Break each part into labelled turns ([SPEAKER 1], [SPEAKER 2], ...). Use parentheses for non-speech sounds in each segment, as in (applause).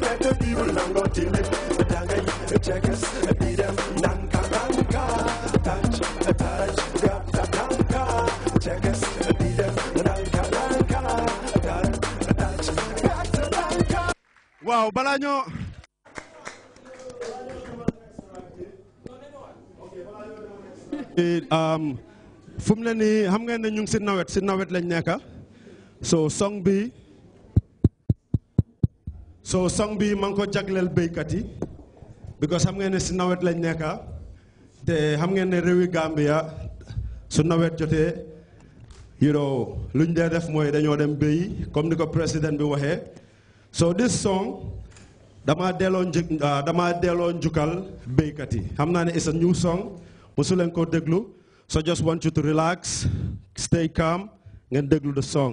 [SPEAKER 1] Better people and go
[SPEAKER 2] um, fu mu xam ngeen ne ñu ngi si nawet si nawet lañ so song bi so song bi ma ngi ko jagleel béykat yi because xam ngeen ne si nawet lañ nekka te xam ngeen ne réewi Gambia su nawet jotee you know lu ñu dee def mooy dañoo dem béyi comme ni ko président bi waxee so this song damaa delloo njëk ah, damaa delloo njukkal yi xam naa ne it's a new song mosu leen koo déglu so just want you to relax stay calm ngeen déglu the song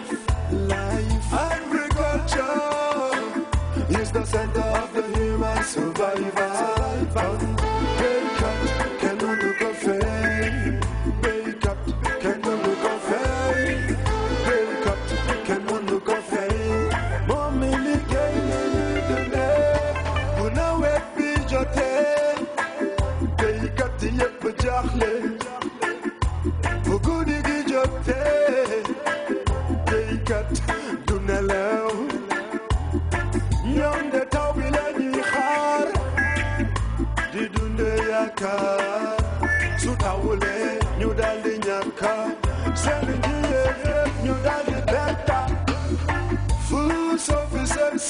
[SPEAKER 1] Survival. survival.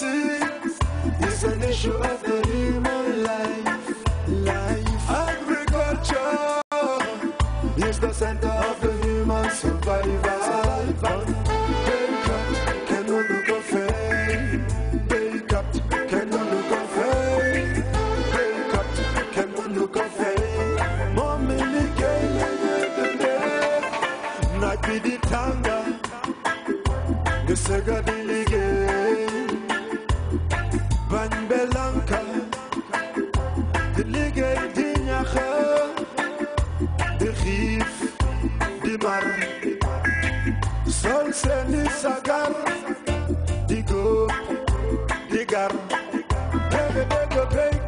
[SPEAKER 1] sin. It's an issue of the human life. Life. Agriculture is the center. di liggéey di the di the di the sol the sagar the góob the gar dégg dégg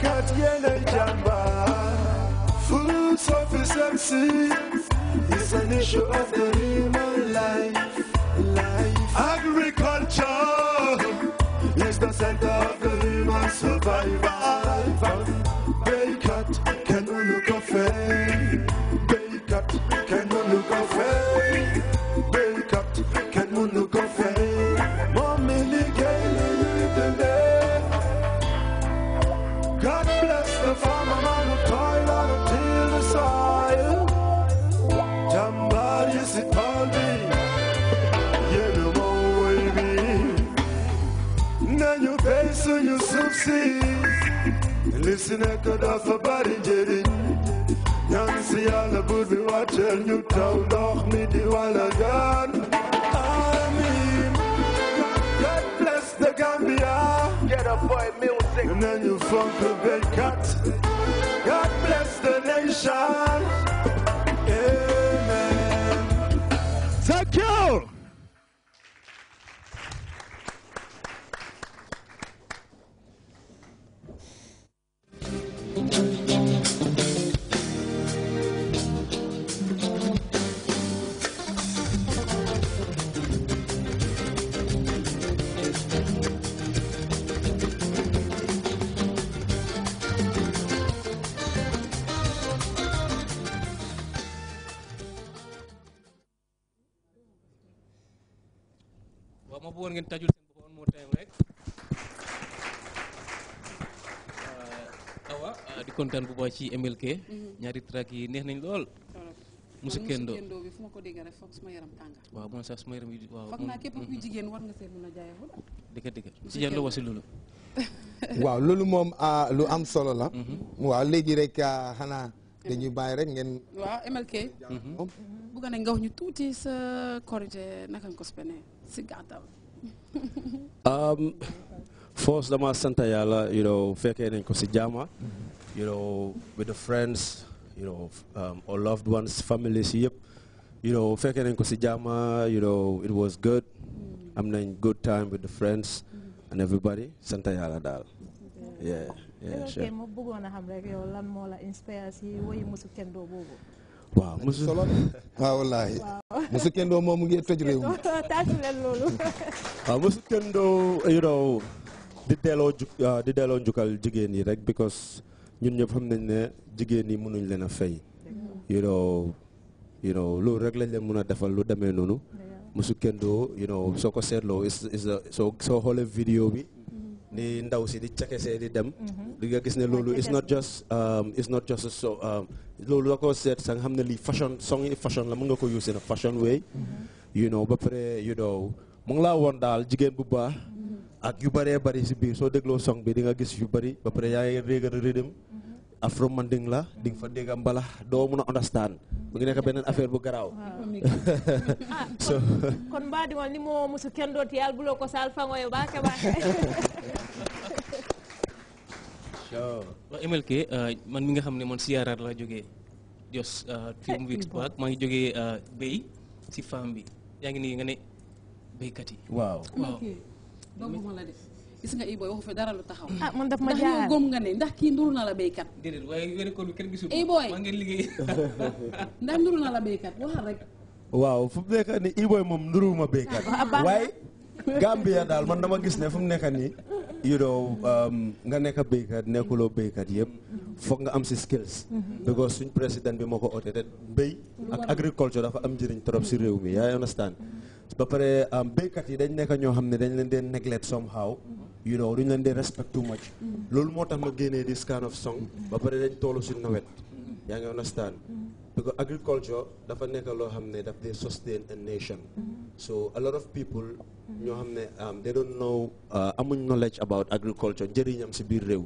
[SPEAKER 1] is an issue of the human life agriculture is the center of the human survival you pay, so you succeed. Listen, I could have for body, Jerry. see all the boys me, watch a new town, dog, me, the wall again. Amen. God bless the Gambia. Get a boy music. And then you funk a bed cut.
[SPEAKER 3] waaw ma bëggoon ngeen tajul seen bopp moo time rek euh, awa euh, di kontaan bu baax ci MLK mhm. ñaari track yi neex nañ lool musik kendo bi fu ko dégg rek foog suma yaram tànga waaw man sax suma yaram yi waaw foog naa képp kuy mhm. jigéen war nga see mën a dëgg dëgg si yan wasi loolu (laughs) waaw loolu moom ah, lu am solo la mhm. waaw léegi rek ah, xanaa dañuy bàyyi rek ngeen. waaw MLK. Mhm. Oh. bëgg nañ nga wax ñu tuuti sa korite naka nga ko si gàttal.
[SPEAKER 2] Um, force dama sant yàlla you know fekkee nañ ko si jaama. you know with the friends you know um, or loved yëpp. you know fekkee nañ ko si jaama you know it was good. Mm. am nañ good time with the friends and everybody sant yàlla daal. Mm. ok
[SPEAKER 3] ma bëggoon a xam moo la inspire kendoo boobu
[SPEAKER 2] waaw musu solo waaw wallaahi musu kendoo moom mu ngi toj réew mi (laughs) taasu (laughs) di delloo ju ah, jigéen yi rek because ñun ñëpp nañ ne jigéen yi mënuñ leen a fay you know you lañ leen mën a defal lu demee noonu musu kendoo soo ko seetloo soo soo xoolee vidéo bi mm-hmm. ni ndaw si di cakesee di dem mm-hmm. di nga gis ne loolu it's not just um, it's not just so um, loolu la ko seet sa nga xam ne lii fashion song yi fashion la mën nga ko use in a fashion way mm-hmm. you know ba pare you know mu ngi laa woon daal jigéen bu baax mm-hmm. ak yu bare bëri si biir soo dégloo song bi di nga gis yu bëri ba pare yaa ngi réegal rhythm mm-hmm. afro manding la di nga fa dégg mbala doo mun a understand mu ngi nekk beneen affaire bu garaaw (laughs)
[SPEAKER 3] ah, (laughs) so kon mbaa di ma ni moo musu kenn doot yàlla buloo ko saal fangoyo baa ke baa (laughs) Wow, MLK eh, man mi nga xam ne man siyaaraat laa few weeks back maa ngi jógee eh, si faam bi yaa ngi nga ne béykat yi waaw waaw doomu la def gis nga Iboy waxu fi dara lu taxaw. ah man daf ma jaaxal ndax góom nga ne ndax kii nduru na la béykat. déedéet waaye wér ko Wow, gisul. Iboy maa ngi liggéey. (laughs) ndax nduru na la béykat waxal rek.
[SPEAKER 2] waaw fu mu ah, Gambia man dama gis ne fu you know um, nga nekk béykat nekkuloo béykat yëpp foog nga am si skills mm-hmm. because suñ président bi moo ko oote te béy ak mm-hmm. agriculture dafa am njëriñ trop si réew mi yaa understand mm-hmm. ba pare um, béykat yi dañ nekk ñoo xam ne dañ leen dee neglect somehow you know duñ leen dee respect too much loolu moo tax ma génnee this kind of song ba pare dañ toolu si nawet yaa ngi understand because agriculture dafa nekk loo xam daf dee sustain a nation mm-hmm. so a lot of people you mm-hmm. um, know, they don't know uh, amuñ knowledge about agriculture njëriñam si biir réew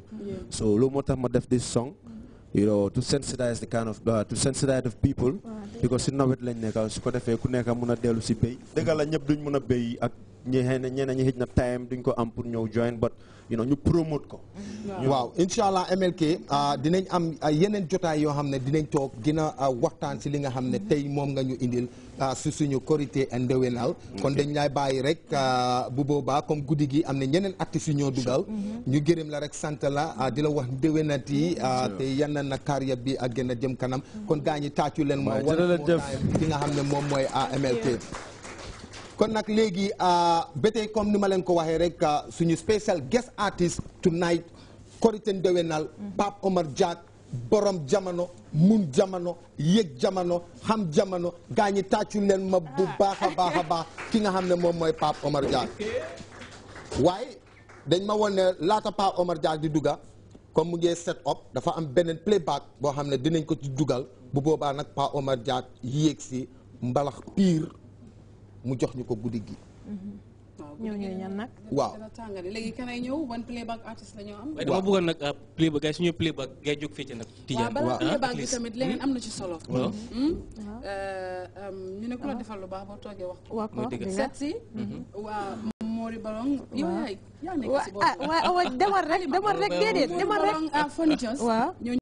[SPEAKER 2] so lo moo tax ma def this song you know to sensitize the kind of uh, to sensitize the people because si nawet lañ nekk su ko defee ku nekk mun a dellu si béy dëgg la ñëpp duñ mun a béy ak ñi ñeneen ñi xëj na time duñ ko am pour ñëw join but you know ñu promote ko mm-hmm. waaw incha allah MLK ah, dinañ
[SPEAKER 3] am ah, yeneen jotaay yoo xam ne dinañ toog gën a ah, waxtaan si li nga xam ne tey moom nga ñu indil su suñu korité ndewenal kon dañ lay bàyyi rek bu boobaa comme guddi gi am na ñeneen artistes yu ñoo dugal mm-hmm. ñu gërëm la rek sant la di wax ndewenat yi te yanna na bi ak gën jëm kanam kon mm-hmm. gaa ñi taacu leen moo nga xam ne moom mooy MLK kon nak legui ah, bete kom comme ni malen ko waxé rek ah, suñu special guest artist tonight Koriten Dewenal pap Omar Jack borom Jamano, mun Jamano, Yek Jamano, Ham Jamano, gañi ñi len ma bu baakha baakha ba pap ki nga xamné mom moy pap Omar Jack Why? dañ ma woon lata pap Omar Jack di duga comme mu set up dafa am benen playback bo xamné dinañ ko ci dugal bu boba nak pap Omar Jack yek si mbalax pire mu jox ñu ko guddi gi. ñëw mm-hmm. ñëw ñan nag. waaw dana tàngale léegi kanay ñëw ban playback artist la ñu am. waaw dama bëggoon nag ah, playback gars suñu playback gars jóg fii ci nag. tijaan waaw balaa ah, playback bi tamit leneen hmm? am na ci solo. waaw hmm? Hmm? Euh, euh, ñu ne ku la defal lu baax boo toogee wax ko. waaw ko set si. waaw si boobu. Ah, waaw waaw demal rek demal rek déedéet demal rek. waaw.